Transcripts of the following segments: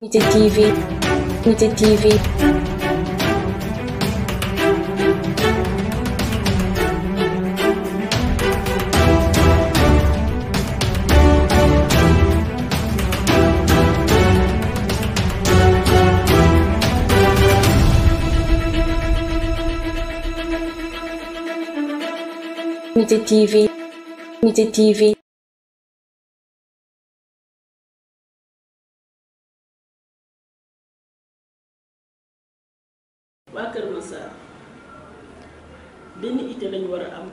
Mitte TV, Mitte TV. Mitte TV, Mitte TV. waa Kër Massar benn ite lañu war a am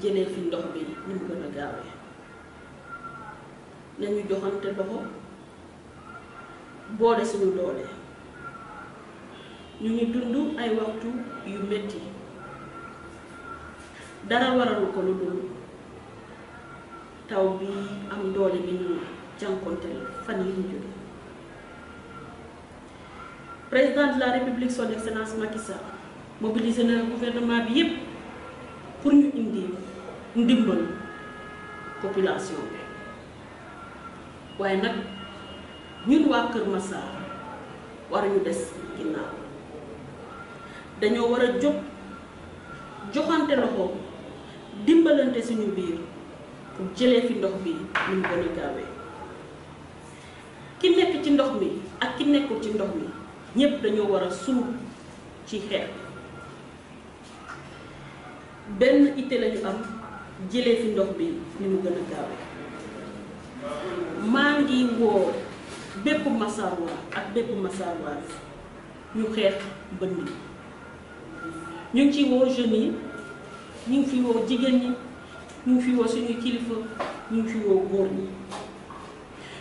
jëlee fi ndox bi ni mu gën a gaawee nañu joxante loxo boole suñu doole ñu ngi dund ay waxtu yu metti dara waralu ko lu dul taw bi am doole bi ñu jànkonteel fan yi ñu jóge président de la république son excellence Macky Sall mobilisé na gouvernement bi yëpp pour ñu indi ndimbal population bi waaye nag ñun waa Kër Massar war ñu des ginnaaw dañoo war a jóg joxante loxo dimbalante suñu biir pour jëlee fi ndox bi ni mu gaawee ki nekk ci ndox mi ak ki nekkul ci ndox mi. ñépp dañoo war a suul ci xeer benn itte lañu am jëlee fi ndox bi ni mu gën a gaawee maa ngi woo bépp masarwaar ak bépp masarwaar ñu xeex bënn ñu ngi ciy woo jeunes ñu ngi fi woo jigéen ñi ñu ngi fi woo suñuy kilifa ñu fi woo góor ñi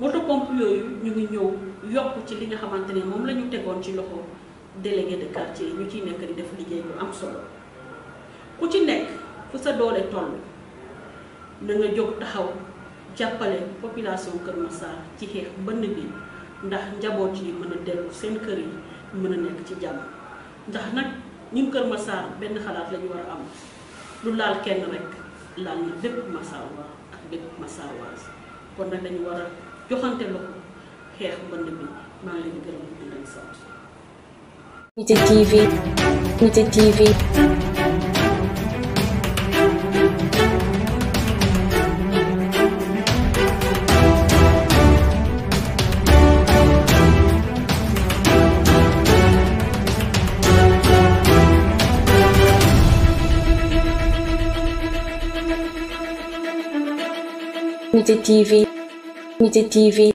moto pompe yooyu ñu ngi ñëw yokk ci li nga xamante ne moom lañu tegoon ci loxo délégué de quartier yi ñu ciy nekk di def liggéey lu am solo ku ci nekk fu sa doole toll na nga jóg taxaw jàppale population Kër Massar ci xeex mbënn bi ndax njaboot yi mën a dellu seen kër yi mën a nekk ci jàmm ndax nag ñun Kër Massar benn xalaat lañu war a am lu laal kenn rek laal na bépp Massar waa ak bépp Massar waa kon nag dañu war joxante loxo xeex mbënd bi maa ngi leen gërëm di leen sant. TV Mite TV. TV. tv